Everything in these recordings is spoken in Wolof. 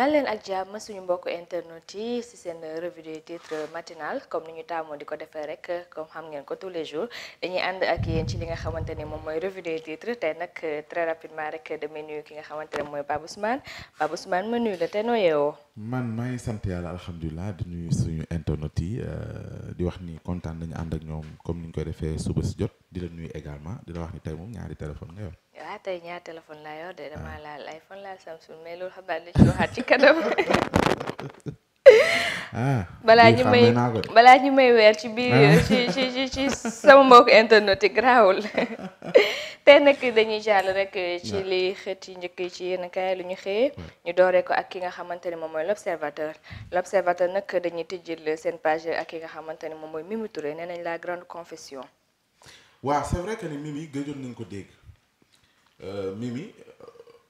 dal leen ak jàmm suñu mbokk internet yi si seen revue des matinal comme ni ñu taamoo di ko defee rek comme xam ngeen ko tous les jours dañuy ànd ak yéen ci li nga xamante ne moom mooy revue des titres tey nag très rapidement rek damay nuyu ki nga xamante ne mooy Babou Ousmane Babou Ousmane ma nuyu la te noo man maa sant yàlla alhamdulilah di nuyu suñu internet yi euh, di wax ni kontaan dañu ànd ak ñoom comme ni ñu koy defee suba si jot di la nuyu également di wax ni tey moom ñaari téléphone nga yor. waaw ah, tey ñaari téléphone laa yor de damaa ah. laal iPhone laal Samsung mais loolu xabaar la ci waxaat ci kanam. Ah, balaa ñu may balaa ñu may weer ci biir ah. ci ci ci ci sama mbokk internet yi grawul tey nag dañuy jàll rek eh, ci li xët yi njëkk yi ci yenn kaay lu ñu xëyee ñu dooree ko ak ki nga xamante ne moom mooy l'observateur l'observateur nag dañuy tijjil seen page ak ki nga xamante ne moom mooy Mimi Touré nee nañ laa grande confession waaw c'est vrai que ni Mimi gëjoon nañ ko dégg euh,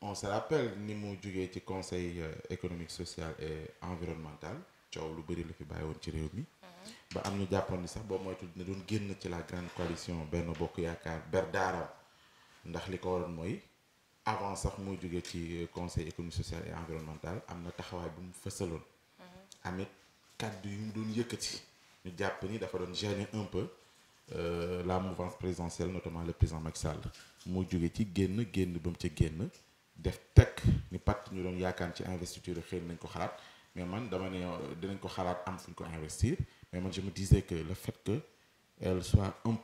on se rappelle ni mu jugee ci conseil euh, économique social et environnemental coow lu bëri la fi bàyyi woon ci réew mi. Mm-hmm. ba am ñu jàppoon ni sax boo moytu ne doon génn ci la grande coalition benn bokk yaakaar ber daara ndax li ko waroon mooy avant sax mu jugee ci euh, conseil économique social et environnemental am na taxawaay bu mu fësaloon. Mm-hmm. amit kàddu yu mu doon yëkkati ñu jàpp ni dafa doon gêner un peu. Euh, la mouvance présidentielle notamment le président Macky Sall moo jóge ci génn génn ba mu ca génn def tekk ni parti ñu doon yaakaar ci investiture xëy nañ ko xalaat mais man dama ne euh, danañ ko xalaat am fu ñu ko investir mais man je me disais que le fait que elle soit un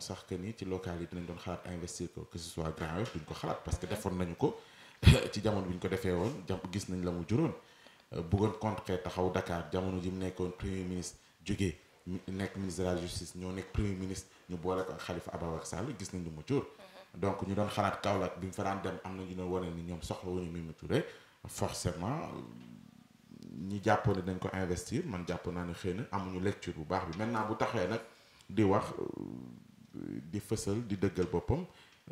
sax que ni ci local yi dinañ doon xalaat investir ko que ce soit Grand Yoff duñ ko xalaat parce que defoon nañu ko ci jamono bi ñu ko defee woon jàpp gis nañ la mu juróon euh, bëggoon contre taxaw Dakar jamono ji mu nekkoon premier ministre jógee nekk ministre de la justice ñoo nekk premier ministre ñu boole ko ak Khalifa Ababacar Sall gis nañ lu mu jur donc ñu doon xalaat Kaolack bi mu fa daan dem am na ñu doon wane ni ñoom soxla wuñu Mimi Touré forcément ñi jàppoo ne dañ ko investir man jàppoo naa ne xëy na amuñu lecture bu baax bi maintenant bu taxee nag di wax euh, di fësal di dëggal boppam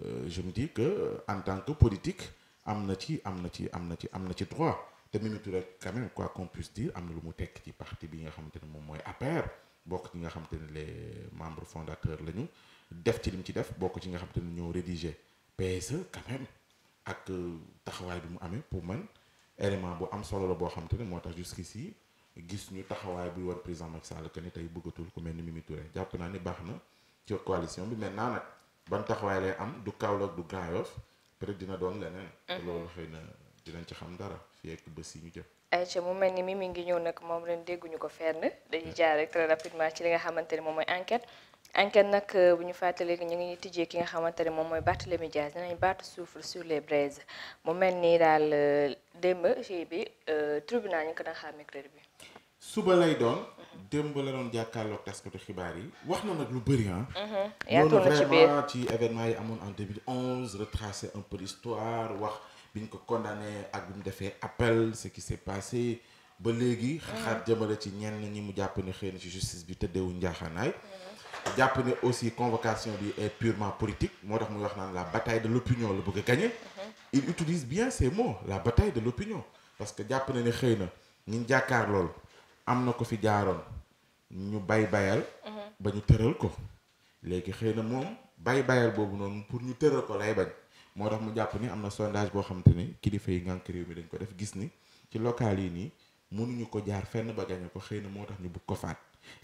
euh, je me dis que euh, en tant que politique am na ci am na ci am na ci am na ci droit te Mimi Touré quand même quoi qu'on puisse dire am na lu mu tekk ci partie bi nga xamante ne moom mooy APR bokk ñi nga xamante ne les membres fondateurs lañu. def ci lim ci def bokk ci nga xam te ne ñoo rédigé PSE quand même ak euh, taxawaay bi mu amee pour man élément bu am solo la boo xam te ne moo tax jusqu'ici gis ñu taxawaay buy war président Macky Sall que ni tey bëggatul ku mel ni Mimi Touré jàpp naa ni baax na ci coalition bi maintenant nag ban taxawaay lay am du Kaolack du Grand Yoff peut-être dina doon leneen. Mm-hmm. loolu ci xam dara fii ak ñu jëm. Aïcha mu mel ni Mimi ngi ñëw nag moom ren dégguñu ko fenn mm-hmm. dañuy jaar rek très ci li nga xamante ni moom mooy enquête. enquête nag euh, bu ñu fàttalee ñu ngi tijjee ki nga xamante ne moom mooy Barthélémy Dias dinañ baatu souffle sur les braises mu mel nii daal euh, démb ci bi euh, tribunal ñu ngi ko daan xaar mercredi bi. suba lay doon. démb la doon jàkkaarloog taskatu xibaar yi wax na nag lu bëri ah. yaatu na ci biir ci événement yi amoon en 2011 retracer un peu l'histoire wax bi ñu ko condamné ak bi mu defee appel ce qui s'est passé ba léegi. Mhm. xaar jëmale ci ñenn ñi mu jàpp ne xëy na ci justice bi tëddeewu njaaxaanaay. Mhm. jàpp ne aussi convocation bi est purement politique moo tax muy wax naan la bataille de l'opinion la bëgg a gagner mhm. il utilise bien ces mots la bataille de l'opinion parce que jàpp na ne xëy na ñu jàkkaar lool am na ko fi jaaroon ñu bay bayal mhm. ba ñu tëral ko léegi xëy na moom bay bayal boobu noonu pour ñu tëral ko lay bañ moo tax mu jàpp ni am na sondage boo xamante ni kilifa yi ngànk réew mi dañ ko def gis ni ci local yi nii mënuñu ko jaar fenn ba gañe ko xëy na moo tax ñu bëgg ko faat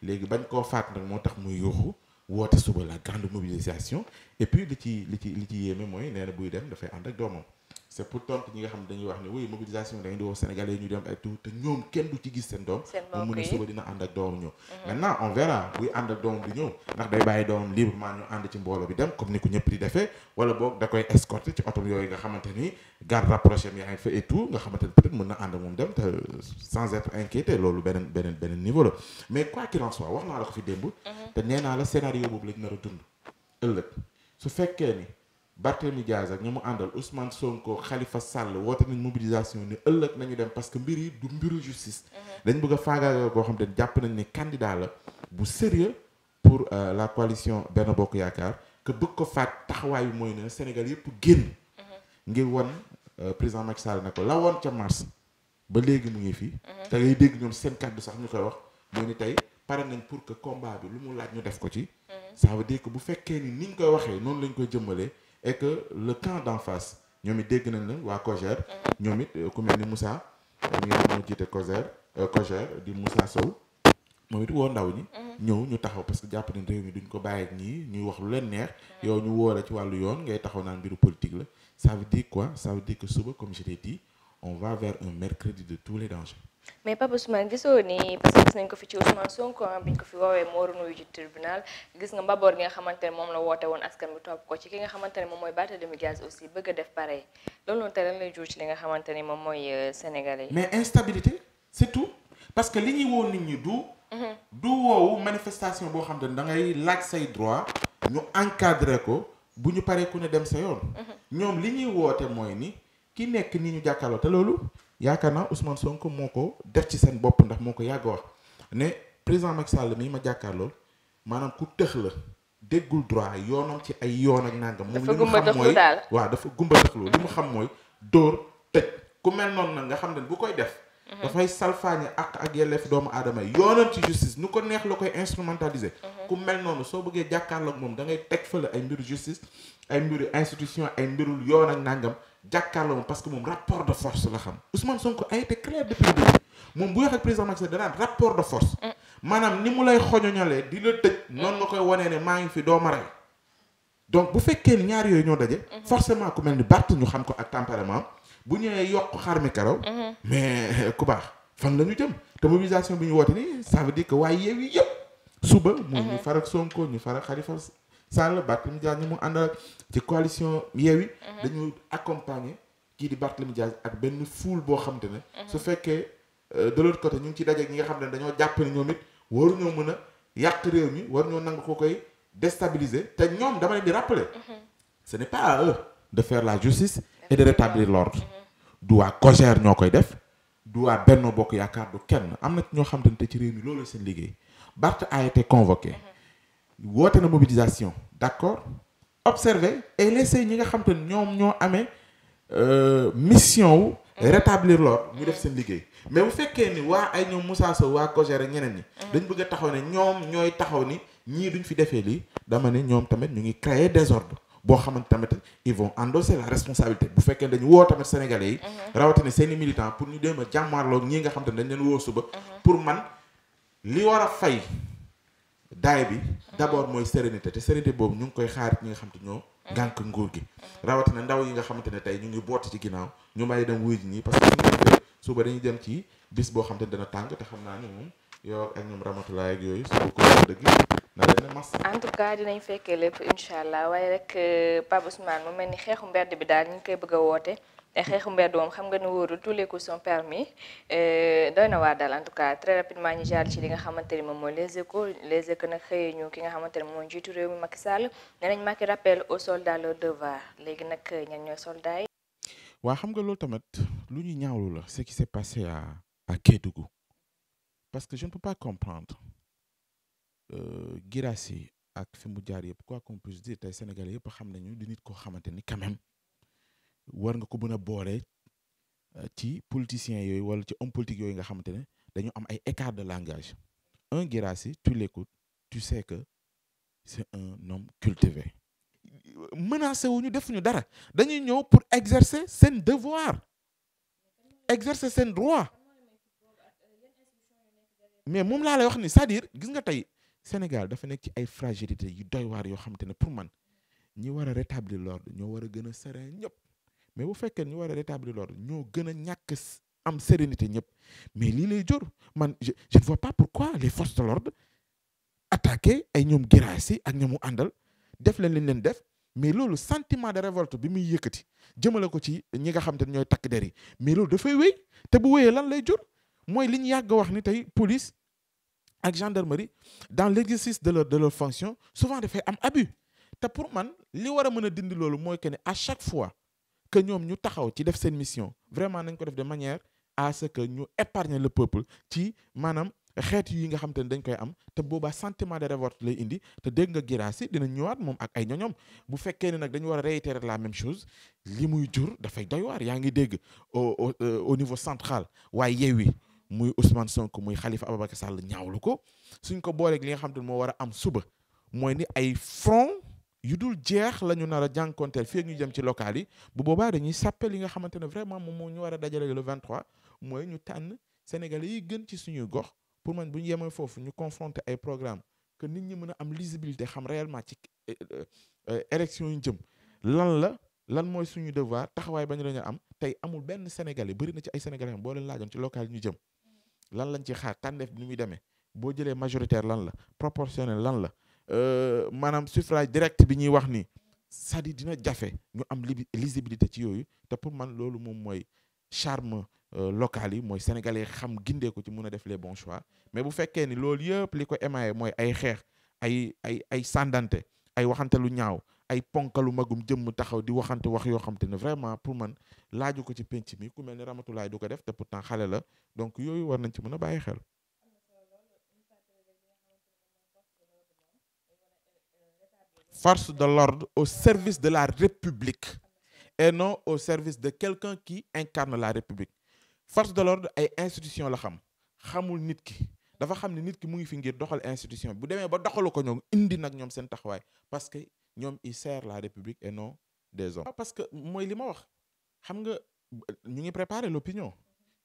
léegi bañ koo faat nag moo tax muy yuuxu woote suba la grande mobilisation et puis li ci li ci li ci yéeme mooy nee buy dem dafay ànd ak doomam c'est pour tontu ñi nga xam ne dañuy wax ne oui mobilisation dañuy di woo Sénégalais ñu dem te ñoom kenn du ci gis seen doom mu mën a suba dina ànd ak doomam ñëw mhm. maintenant on verra buy day bàyyi doomam librement ñu ànd ci mbooloo bi dem ko ñëpp di defee wala boog da koy escorter ci otom yooyu xamante ni garde rapproché mi na ànd dem te sans être inquiété loolu beneen beneen niveau mais quoi qu'il en soit wax naa la ko fi démb mhm. te nee naa la scénario boobu lañ nar a dund ëllëg su fekkee ni Barthélemy Diaz ak ñi mu àndal Ousmane Sonko Khalifa Sall woote nañ mobilisation ni ëllëg nañu dem parce que mbir yi du mbiru justice. Mhm. dañ bëgg a faagaagal boo xam ne jàpp nañ ni candidat la bu sérieux pour euh, la coalition benn Bokk Yaakaar que bëgg ko faat taxawaayu mooy ne Sénégal yëpp génn. Mhm. ngir won euh, président Macky Sall na ko la woon ca mars ba léegi mu ngi fi. Mhm. te ngay dégg ñoom seen kàddu sax ñu koy wax mooy ni tey pare nañ pour que combat bi lu mu la ñu def ko ci. ça veut dire bu fekkee ni niñ koy waxee noonu lañ koy jëmbalee. et que le camp d'en face ñoom it dégg nañ la waa COJER mm-hmm. ñoom it euh, ku mel ni Moussa euh, moo jiite COJER euh, COJER di Moussa Sow moom it woo ndaw ñi mm-hmm. ñëw ñu taxaw parce que jàpp nañ réew mi duñ ko bàyyi ak ñii ñuy wax lu leen neex mm-hmm. yow ñu woo ci wàllu yoon ngay taxaw naan mbiru politique la ça veut dire quoi ça que suba comme je l'ai dit on va vers un mercredi de tous les dangers mais Pape Ousmane gisoo ni parce que gis nañ ko fi ci Ousmane Sonko bi ñu ko fi woowee moo nuyu ci tribunal gis nga mbaboor gi nga xamante ne moom la woote woon askan bi topp ko ci ki nga xamante ne moom mooy Barthélémy Dias aussi bëgg a def pareil loolu noonu te lan lay jur ci xamante ne moom mooy euh, Sénégalais yi. mais instabilité surtout tout parce que li ñuy woo nit ñi du. Mhm. du woowu manifestation boo xam ne da ngay laaj say droit ñu encadré ko bu ñu paree ku ne dem sa yoon. Mhm. ñoom li ñuy woote mooy ni ki nekk ni ñu jàkkaarloo te loolu. yaakaar naa Ousmane sonk moo ko def ci seen bopp ndax moo ko yàgg wax ne président Macky Sall mii ma jàkkaar lool maanaam ku tëx la déggul droit yoonam ci ay yoon ak nangam. moom li mu xam mooy waaw dafa gumba tëxlu mu mm-hmm. xam mooy dóor tëj ku mel noonu nag nga xam ne bu koy def. Mm-hmm. dafay salfaañe àq ak ak yelleef doomu aadama yi yoonam ci justice nu ko neex la koy instrumentaliser. Mm-hmm. ku mel noonu soo bëggee jàkkaarloog moom dangay teg fële ay mbiru justice ay mbiru institution ay mbirul yoon ak nangam. jàkkaarloo moom parce que moom rapport de force la xam Ousmane Sonko a été clair depuis le début moom bu wax ak président Macky Sall danaan rapport de force. Mm. maanaam ni mu lay xoñoñalee di la tëj. noonu nga koy wanee ne maa ngi fi doo rey donc bu fekkee ni ñaar yooyu ñoo daje. Mm-hmm. forcément ku mel ni Barth ñu xam ko ak tempérament bu ñëwee yokk xar mi karaw. Mm-hmm. mais euh, ku baax fan lañu jëm te mobilisation bi ñu woote nii ça veut dire que waaye yeew yi yëpp suba. moom mm-hmm. ñu far Sonko ñu farak Khalifa Sall Barthélémy Dias ñi mu àndal ci coalition Yewwi mhm. dañu accompagner kii di Barthélémy Dias ak benn foule boo xam ne mhm. su fekkee euh, de l'autre côté ñu ngi ci daje ñi nga xam ne dañoo jàpp ne ñoom it waruñoo mën a yàq réew mi waruñoo nangu ko koy déstabiliser te ñoom dama leen di rappeler mhm. ce n'est pas à eux de faire la justice et de rétablir l'ordre du waa COJER ñoo koy def du waa Benno Bokk Yaakaar du kenn am na ñoo xam te ne te ci réew mi loolu seen liggéey Barth a été woote na mobilisation d'accord observer et laisser ñi nga xam te ñoom ñoo amee euh, mission wu rétablir l'ordre ñu def seen liggéey mais bu fekkee ni waa ay ñoom Moussa Sow waa Kogere ñeneen ñi dañ bëgg taxaw ne ñoom ñooy taxaw ni ñii duñ fi defee lii dama ne ñoom tamit ñu ngi créer désordre boo xamante tamit ils vont endosser la responsabilité bu fekkee dañu woo tamit sénégalais yi mhm. rawatina seeni militants pour ñu dem a jàmmaarloog ñii nga xam te ne dañ leen woo suba mhm. pour man li war a fay daay bi d'abord mooy sérénité te sérénité boobu ñu ngi koy xaar ñi nga xam te ñoo gànk nguur gi rawatina ndaw yi nga xamante ne tey ñu ngi boot ci ginnaaw ñu may dem wuy ji ñi parce que suba dañuy dem ci bis boo xam ne dana tàng te xam naa ni moom yow ak ñoom ramatulaay ak yooyu suba ko dëgg na leen mas en tout dinañ fekkee lépp incha allah waaye rek euh, Pape Ousmane mu mel ni xeexu mbedd bi daal ñu ngi koy bëgg a woote te xeexu mbeddoom xam nga ne wóorul tous les coups son permis euh, doy na waa dal en tout cas très rapidement ñu jàll ci li nga xamante ni moom mooy les échos les échos nag ki nga xamante ni moom mooy njiitu réew mi Macky Sall nee nañ Macky rappel aux soldats léegi nag ñan ñooy soldats yi. waa xam nga loolu tamit lu ñuy ñaawlu la ce qui s'est passé à à parce que je ne peux pas comprendre euh, Guirassy ak fi mu jaar yëpp quoi qu'on dire tey Sénégalais yëpp xam nañu di nit koo xamante ni quand war nga ko mën a boole euh, ci politiciens yooyu wala ci homme politique yooyu nga xamante ne dañu am ay écart de langage un Guirassy les l'écoutes tu sais que c'est un homme cultivé menacé wuñu defuñu dara dañuy ñëw pour exercer seen devoir exercer seen droit mais moom laa lay wax ni cest dire gis nga tey Sénégal dafa nekk ci ay fragilité yu doy waar yoo xamante ne pour man ñi war a rétablir ñoo war a gën a seree ñëpp mais bu fekkee ñu war a rétablir l'ordre ñoo gën a ñàkk am sérénité ñëpp mais lii lay jur man je je ne vois pas pourquoi les forces de l'ordre attaqué ay ñoom giraas yi ak ñoomu àndal def leen li leen def mais loolu sentiment de révolte bi muy yëkkati jëmale ko ci ñi nga xam te ne ñooy takk der yi mais loolu dafay wéy te bu wéyee lan lay jur mooy li ñu yàgg wax ni tey police ak gendarmerie dans l'exercice de leur de leur fonction souvent dafay am abus te pour man li war a mën a dindi loolu mooy que ne à chaque fois que ñoom ñu taxaw ci def seen mission vraiment nañ ko def de manière à ce que ñu épargner le peuple ci maanaam xeet yi nga xam te ne dañ koy am te booba sentiment de révolte lay indi te dégg nga Guirassy dina ñëwaat moom ak ay ñoñom bu fekkee ne nag dañu war a réitérer la même chose li muy jur dafay doy waar yaa ngi dégg au au euh, niveau central waaye Yewwi muy Ousmane Sonko muy Khalifa Ababacar Sall ñaawlu ko suñ ko booleeg li nga xam te ne moo war a am suba yu dul jeex la ñu nar a jànkonteel fii ñu jëm ci local yi bu boobaa dañuy sàppe li nga xamante ne vraiment moom moo ñu war a dajale le 23 mooy ñu tànn sénégalais yi gën ci suñuy gox pour man bu ñu yemee foofu ñu confronter ay programme que nit ñi mën a am lisibilité xam réellement ci euh, euh, élection yu jëm lan la lan mooy suñu devoir taxawaay bañ la ñu am tey amul benn sénégalais bëri na ci ay sénégalais boo leen laajoon ci local yi ñu jëm lan lañ ci xaar tànneef bi ni demee boo jëlee majoritaire lan la proportionnel lan la. Euh, maanaam suffrage direct bi ñuy wax ni cest dina jafe ñu am lisibilité ci yooyu te pour man loolu moom mooy charme euh, local yi mooy sénégalais xam gindee ko ci mun a def les bons choix mais bu fekkee ni loolu yëpp li ko émaillé mooy ay xeex ay ay ay sàndante ay waxante lu ñaaw ay ponkalu magum jëmm taxaw di waxante wax yoo xam te ne vraiment pour man laaju ko ci penc mi ku mel ni Ramatulaay du ko def te pourtant xale la donc yooyu war nañ ci mun a bàyyi xel forces de l'ordre au service de la République et non au service de quelqu'un qui incarne la République force de l'ordre ay institution la xam xamul nit ki dafa xam ne nit ki mu ngi fi ngir doxal institution bu demee ba doxalu ko ñoom indi nag ñoom seen taxawaay parce que ñoom i sert la République et non des hommes parce que mooy li ma wax xam nga ñu ngi préparer l'opinion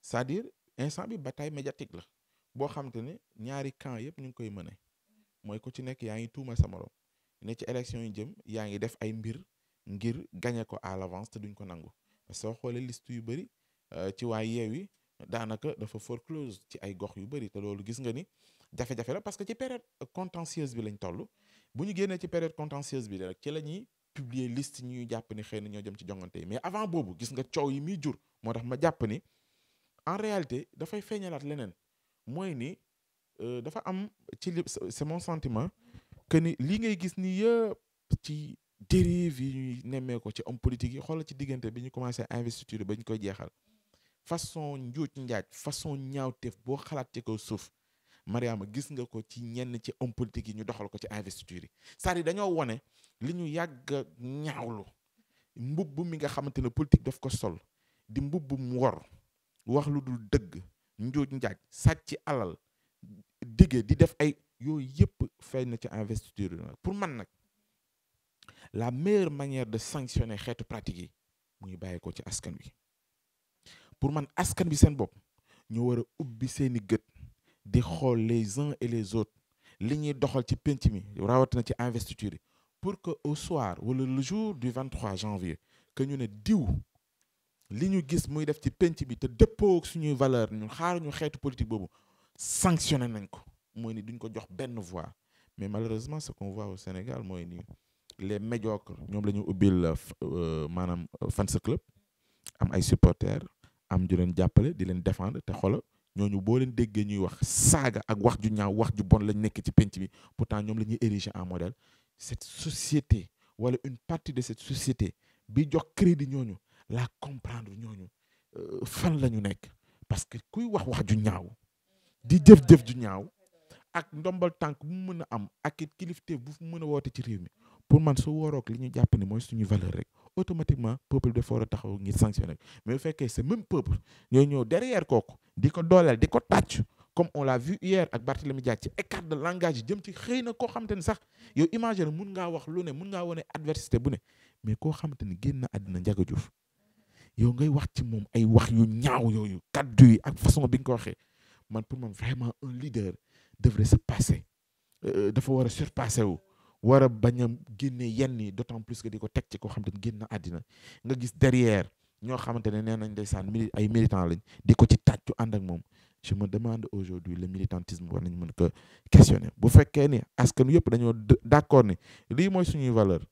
c'est-à-dire instant bi bataille médiatique la boo xam te ne ñaari camp yëpp ñu ngi koy mëne mooy ku ci nekk yaa ngi tuuma sa morom ne ci élection yi jëm yaa ngi def ay mbir ngir gagné ko à l'avance te duñ ko nangu soo xoolee liste yu bëri euh, ci waa yi daanaka dafa close ci ay gox yu bëri te loolu gis nga ni jafe-jafe la parce que ci période contentieuse bi lañ toll bu ñu génnee ci période contentieuse bi rek ci la ñuy publier list ñuy jàpp ni xëy na ñoo jëm ci jongante yi mais avant boobu gis nga coow yi muy jur moo tax ma jàpp ni en réalité dafay feeñalaat leneen mooy ni euh, dafa am ci c'est mon sentiment. que ni li ngay gis ni yëpp ci dérive yi ñuy nemmee ko ci homme politique yi xoolal ci diggante bi ñu commencé investiture ba ñu koy jeexal façon njuuj njaaj façon ñaawteef boo xalaat ci kaw suuf a gis nga ko ci ñenn ci homme politique yi ñu doxal ko ci investiture yi c'est-à-dire dañoo wone li ñu yàgg ñaawlu mbubb mi nga xamante ne politique def ko sol di mbubb mu wor wax lu dul dëgg njuuj njaaj sàcc alal dige di def ay yooyu yëpp fay na ci investiture nag pour man nag la meilleure manière de sanctionner xeetu pratique yi mu ngi bàyyi ko ci askan wi pour man askan bi seen bopp ñu war a ubbi seeni gët di xool les uns et les autres li ñuy doxal ci penc mi rawatina ci investiture yi pour que au soir wala le jour du 23 janvier que ñu ne diw li ñu gis muy def ci penc bi te dëppoo ak suñuy valeur ñun xaar ñu xeetu politique boobu sanctionné nañ ko mooy ni duñ ko jox benn voix mais malheureusement ce qu'on voit au Sénégal mooy ni les médiocres ñoom la ñu ubbil euh, euh, maanaam euh, fans club am ay supporters am ju leen jàppale di leen défendre te xola ñooñu boo leen déggee ñuy wax saaga ak wax ju ñaaw wax ju bon lañ nekk ci penc bi pourtant ñoom la ñuy ériger en modèle cette société wala une partie de cette société bi jox crédit ñooñu la comprendre ñooñu fan la ñu nekk parce que kuy wax wax ju ñaaw di jëf-jëf ju ñaaw ak ndombal tànk bu mu mën a am ak it kilifteef bu mu mën a woote ci réew mi pour man su warook li ñu jàpp ni mooy suñu valeur rek automatiquement peuple dafa war a taxaw ngir mais bu fekkee se même peuple ñooy ñëw derrière kooku di ko dooleel di ko tàcc comme on l'a vu hier ak Barthélemy Diack ci écart de langage jëm ci xëy na koo xamante ni sax yow imagine mun ngaa wax lu ne mun ngaa wane adversité bu ne mais koo xamante ni génn na àddina Ndiaga Diouf yow ngay wax ci moom ay wax yu ñaaw yooyu kaddu yi ak façon bi nga ko waxee man pour man vraiment un leader devrait se passer euh, dafa war a surpasser wu war a bañ a génne yenn yi d'autant plus que di ko teg ci koo xam ni génn na àddina nga gis derrière ñoo xamante ne nee nañ ndeysaan mili ay militants lañ di ko ci tàccu ànd ak moom je me demande aujourd'hui le militantisme war nañ mën ko questionner bu fekkee ni askan yëpp dañoo d'accord ni lii mooy suñuy valeur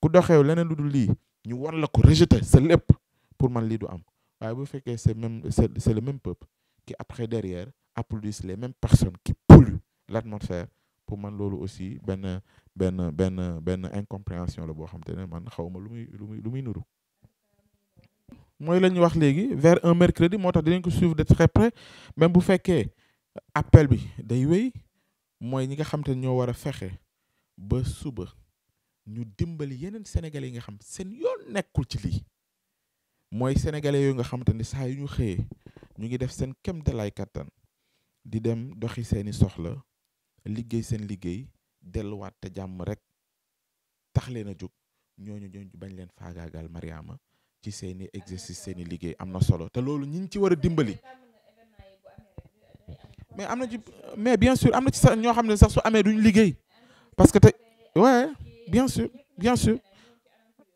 ku doxew leneen lu dul lii ñu war la ko rejeter sa lépp pour man lii du am waaye bu fekkee c'est même c'est le même peuple qui après derrière applaudissent les mêmes personnes qui l'atmosphère pour man loolu aussi benn benn benn benn incompréhension la boo xam te ne man xawma lu muy lu muy lu muy nuru mooy la ñuy wax léegi vers un mercredi moo tax dinañ ko suivre de très près même bu fekkee appel bi day wéy mooy ñi nga xam te ne ñoo war a fexe ba suba ñu dimbali yeneen sénégalais yi nga xam seen yoo nekkul ci lii mooy sénégalais yooyu nga xamante ni saa yu ñu xëyee ñu ngi def seen kem dalaay kattan di dem doxi seeni soxla liggéey seen liggéey delluwaat te jàmm rek tax leen a jóg ñooñu ñooñu bañ leen faagaagal Mariama ci seeni exercice seeni liggéey am na solo te loolu ñi ci war a dimbali. mais am na ci mais bien sûr am na ci sax ñoo xam ne sax su amee duñ liggéey parce que te ouais bien sûr bien sûr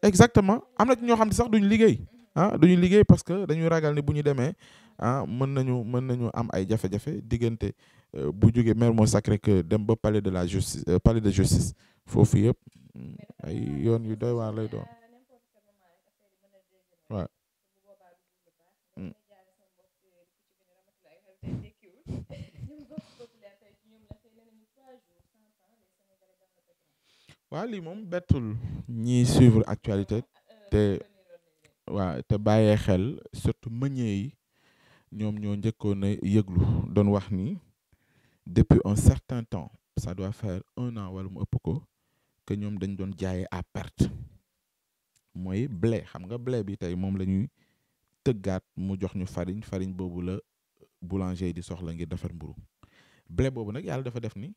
ñoo xam ne sax duñ liggéey ah duñu liggéey parce que dañuy ragal ne bu ñu demee ah mën nañu mën nañu am ay jafe-jafe diggante. Euh, bu jógee Mermoz Sacré-Cœur euh, dem ba palais de la justice euh, palais de justice foofu yëpp mm, ay yoon yu doy waar lay doon waaw mm. waaw lii moom suivre actualité te waaw xel surtout meññee ñoom ñoo njëkkoon a yëglu doon wax ni depuis un certain temps ça doit faire un an wala mu ëpp ko que ñoom dañ doon jaayee à perte mooy blé xam nga blé bi tey moom la ñuy tëggaat mu jox ñu fariñ farine boobu la boulanger di soxla ngir defar mburu blé boobu nag yàlla dafa def ni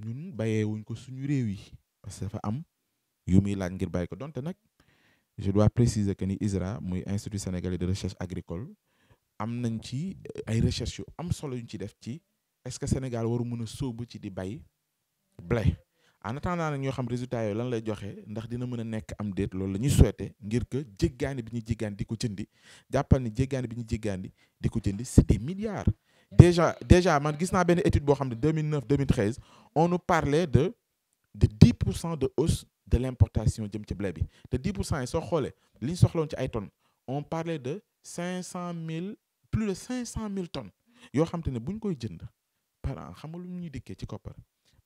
ñun bàyyee wuñ ko suñu réew yi parce que fa am yu muy laaj ngir bay ko donte nag je dois préciser que ni ISRA muy institut sénégalais de recherche agricole am nañ ci ay recherche yu am solo yuñ ci def ci est-ce que Sénégal waru mën a sóobu ci di bay blé en attendant nag ñoo xam résultat yooyu lan lay joxe ndax dina mën a nekk am déet loolu la ñuy souhaité ngir que jéggaani bi ñu jéggaani di ko jëndi jàppal ni jéggaani bi ñu jéggaani di ko jëndi c'est des milliards déjà déjà man gis naa benn étude boo xam ne 2009 2013 on nous parlait de de 10 pour cent de hausse de l'importation jëm ci blé bi te 10 pour cent yi soo xoolee li ñu ci ay tonnes on parlait de 500 000 plus de 500 000 tonnes yoo xam ne bu ñu koy jënd par an xam nga lu ñuy dikkee ci koppar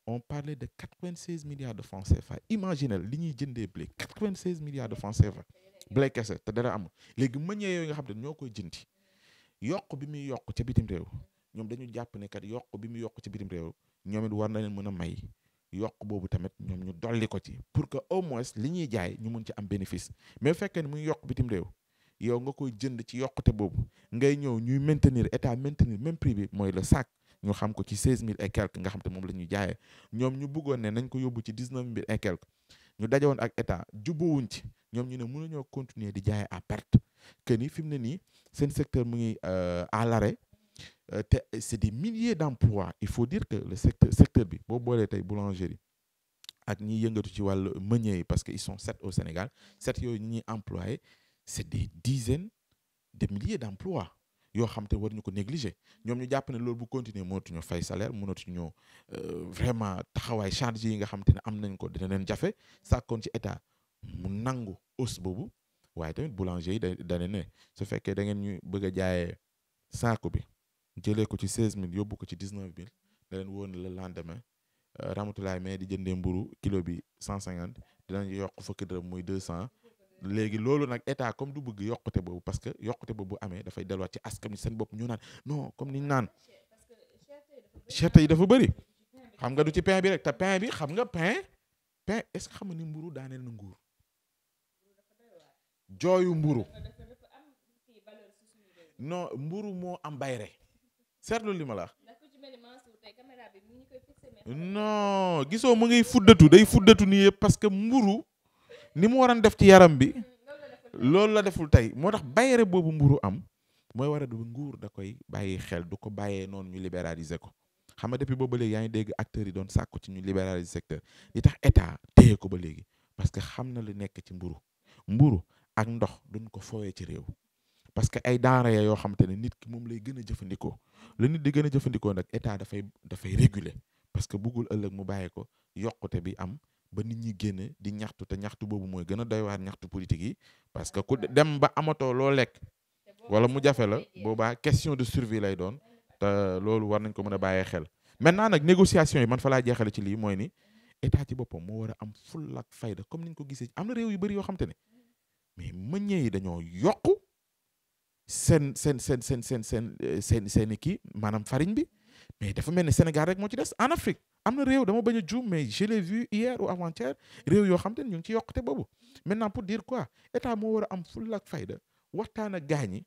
on parlait de quatre-vingt-seize milliards de francs CFA imaginel li ñuy jëndee blé quatre vingt milliards de francs CFA blé kese te dara amul léegi meññee yooyu nga xam ne ñoo koy jëndi yokk bi mu yokk ca bitim réew ñoom dañu jàpp ne kat yokk bi mu yokk ca bitim réew ñoom it war na leen mën a may yokk boobu tamit ñoom ñu dolli ko ci pour que au moins li ñuy jaay ñu mun ci am bénéfice mais fekkee ne muy yokk bitim réew yow nga koy jënd ci yokkute boobu ngay ñëw ñuy maintenir état maintenir même prix bi mooy le sac ñu xam ko ci seize mille et quelque nga xam te moom la ñuy jaayee ñoom ñu bëggoon ne nañ ko yóbbu ci dix neuf mille et quelque ñu dajewoon ak état jubbuwuñ ci ñoom ñu ne mënuñoo continuer di jaayee à perte que ni fi mu ne nii seen secteur mu ngi euh, à l'arrêt euh, te c'est des milliers d'emplois il faut dire que le secteur secteur bi boo boolee tey boulangerie ak ñiy yëngatu ci wàllu meunier yi parce que ils sont sept au Sénégal sept yooyu ñi ñuy employé c'est des dizaines de milliers d'emplois yoo xam te war ko négliger ñoom ñu jàpp ne loolu bu continuer mënatuñu fay salaire mënatuñu euh, vraiment taxawaay charge yi nga xam te ne am nañ ko dina leen jafe sàkkoon ci état mu nangu hausse boobu waaye tamit boulanger yi da dane ne su fekkee da ngeen ñu bëgg a jaayee saako bi jëlee ko ci seize mille yóbbu ko ci dix neuf mille da leen woon le lendemain euh, Ramatulaay mais di jëndee mburu kilo bi cent cinquante dinañ yokk fukki dërëm muy deux cent léegi loolu nag état comme du bëgg yokkute boobu parce que yokkute boobu bu amee dafay delluwaat ci askan wi seen bopp ñu naan non comme niñ naan cherté yi dafa bëri xam nga du ci pain bi rek te pain bi xam nga pain pain est-ce que xam nga ni mburu daaneel na nguur jooyu mburu no mburu moo am bayre seetlu li ma la non gisoo mu ngiy fuddatu day fuddatu nii yëpp parce que mburu ni mu waroon def ci yaram bi loolu la deful tey moo tax bayre boobu mburu am mooy war a nguur da koy bàyyi xel du ko bàyyee noonu ñu libéraliser ko xam nga depuis boobu ba léegi yaa ngi dégg acteur yi doon sàkku ci ñu libéraliser secteur li tax état téye ko ba léegi parce que xam na la nekk ci mburu mburu ak ndox duñ ko foowee ci réew parce que ay denrées yoo xamante ne nit ki moom lay gën a jëfandikoo la nit di gën a jëfandikoo nag état dafay dafay réguler parce que buggul ëllëg mu bàyyi ko yokkute bi am ba nit ñi génne di ñaxtu te ñaxtu boobu mooy gën a doy waar ñaxtu politique yi parce que ku dem ba amatoo loo lekk wala mu jafe la boobaa question de survie lay doon te loolu war nañ ko mën a bàyyee xel maintenant nag négociation yi man fa laa jeexale ci lii mooy ni état ci boppam moo war a am fulla ak fayda comme niñ ko gisee am na réew yu bëri yoo xam te ne mais meññee yi dañoo yokk seen seen seen seen seen seen seen seen i kii maanaam farine bi mais dafa mel ni Sénégal rek moo ci des en am na réew dama bañ a juum mais je l'ai vu hier ou avant réew yoo xam te ne ñu ngi ci yokkute boobu maintenant pour dire quoi état moo war am fulla ak fayda waxtaan ak gaañ yi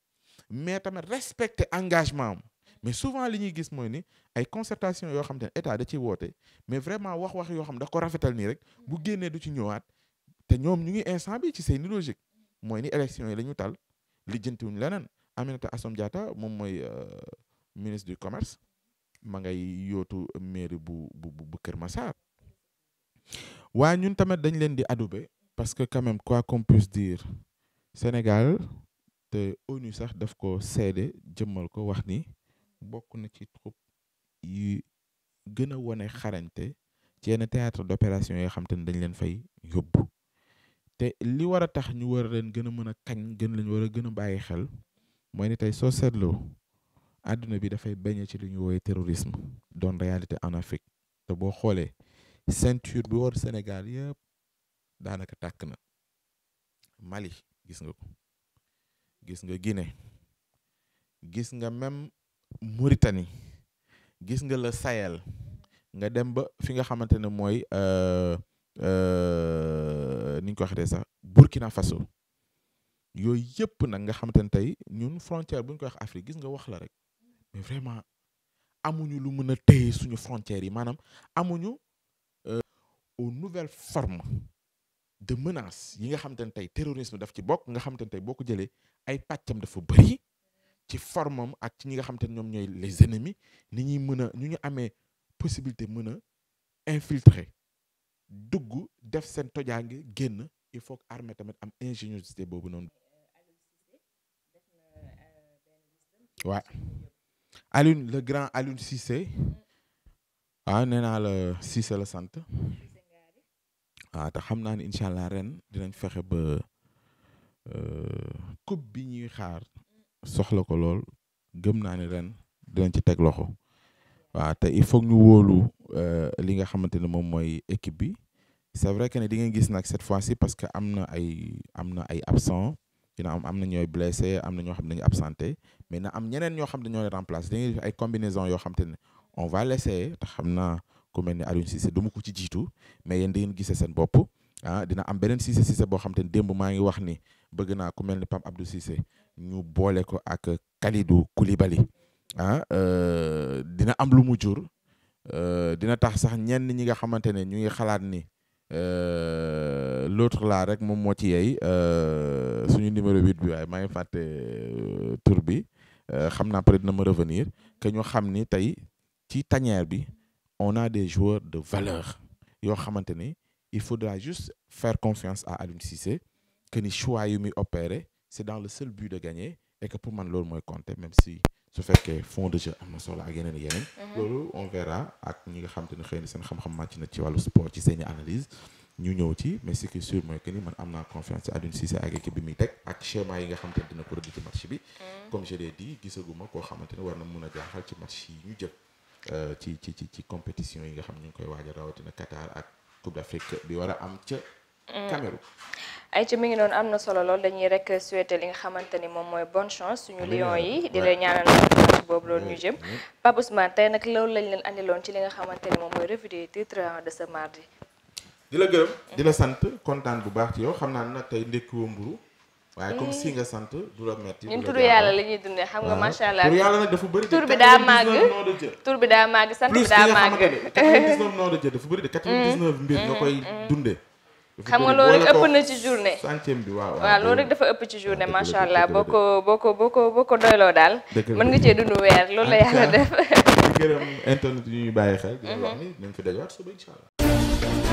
mais tamit respecter engagement am mais souvent li ñuy gis mooy ni ay concertation yoo xam te ne état da ciy woote mais vraiment wax-wax yoo xam da ko rafetal nii rek bu génnee du ci ñëwaat te ñoom ñu ngi instant bi ci seeni logique mooy ni élection yi la ñu tal lijjantiwuñ leneen Aminata Assome Diatta moom mooy euh, ministre du commerce ma ngay yootu mairie bu bu bu Kër Massar waa ñun tamit dañ leen di adoubé parce que quand même quoi qu'on puisse Sénégal te ONU sax def ko seede jëmmal ko wax ni bokk na ci troupe yi gën a wone xarañte ci yenn théâtre d'opération yoo xam te ne dañ leen fay yóbbu te li war a tax ñu war leen gën a mën a kañ gën lañ war a gën a bàyyi xel mooy ni tey soo seetloo àdduna bi dafay bañe ci lu ñu woowee terrorisme don réalité en Afrique te boo xoolee ceinture bi war Sénégal yëpp daanaka tàkk na Mali gis nga ko gis nga Guinée gis nga même Mauritanie gis nga la Sahel nga dem ba fi nga xamante ne mooy euh, euh, ni ñu ko waxee sax Burkina Faso yooyu yëpp nag nga xamante ne tey ñun frontière bu ñu ko wax Afrique gis nga wax la rek mais vraiment amuñu lu mën a téye suñu frontières yi maanaam amuñu euh, aux nouvelles formes de menaces yi nga xam te ne tey terrorisme daf ci bokk nga xam te ne tey boo ko jëlee ay paccam dafa bëri ci formam ak ci ñi nga xam te ñoom ñooy les ennemis ni ñuy mën a ñu ñu amee possibilité mën a infiltrer dugg def seen tojaange génn il faut que armée tamit am ingéniosité boobu noonu. waaw. Euh, Alioune le grand Alioune Cissé a ah, nee naa la Cissé la sant waaw ah, te xam naa ne incha allah ren dinañ fexe ba euh, coupe bi ñuy xaar soxla ko lool gëm naa ne ren dinañ ci teg loxo waaw te il faut ñu wóolu euh, li nga xamante ne moom mooy équipe bi c'est vrai que ne di ngeen gis nag cette fois-ci parce que am na ay am na ay absent dina am am na ñooy blessé am na ñoo xam ne dañu absenté mais na am ñeneen ñoo xam ne ñoo leen remplacé dañuy def ay combinaison yoo xam te ne on va l'essayer te xam naa ku mel du ma ko ci jiitu mais yéen da ngeen gisee seen bopp ah dina am beneen Cissé Cissé boo xam te ne démb maa ngi wax ni bëgg naa ku mel ni Pape Abdou Cissé ñu boole ko ak Kalidou Koulibaly ah euh, dina am lu mu jur euh, dina tax sax ñenn ñi nga xamante ne ñu ngi xalaat ni euh, l'autre là rek moom moo ci yey nañu numéro 8 bi waaye maa ngi fàtte euh, bi euh, xam naa peut-être na ma revenir que ñu xam ni tey ci tanière bi on a des joueurs de valeur yoo xamante ni il faudra juste faire confiance à Aliou Cissé que ni choix yu muy opérer c'est dans le seul but de gagner et que pour man loolu mooy compter même si su fekkee fond de jeu am na solo ak yeneen yeneen. Mhm. loolu on ak ñi nga xamante ni xëy na seen xam-xam màcc na ci wàllu sport ci seeni analyse ñu ñëw ci mais ce qui est sûr mooy que ni man am naa confiance ci Aliou Cissé ak équipe bi muy teg ak schéma yi nga xamante ne dina ko rëdd ci match bi. Mm. koo xamante ne war na mun a jaaxal euh, ci ci ci ci compétition yi nga xam ñu ngi koy waajal rawatina Qatar ak Coupe d'Afrique bi war a am ca. Mm. Cameroun. ay ci mi ngi noonu am na solo lool dañuy rek souhaiter li nga xamante ni moom mooy bonne chance suñu lion yi di leen ñaanal match boobu loolu ñu jëm Pape Ousmane tey nag loolu lañ leen andiloon ci li nga xamante ni moom mooy revue des titres de ce mardi di la gërëm di la sant kontaan bu baax ci yow xam naa nag tey ndekkiwoo mburu waaye comme mm. si nga sant du la metti ñun turu yàlla la dundee xam nga ah. macha allah dafa bëri tur bi daa màgg tur bi daa màgg sant bi daa màgg 99 noo bëri de 99 mbir nga mm. koy mm. dundee xam nga loolu rek ëpp na ci journée centième bi waaw waaw loolu rek dafa ëpp ci journée ah, macha allah boo ko boo ko boo ko boo ko doyloo daal mën nga cee dund weer loolu la yàlla def di gërëm internet yu ñuy bàyyi xel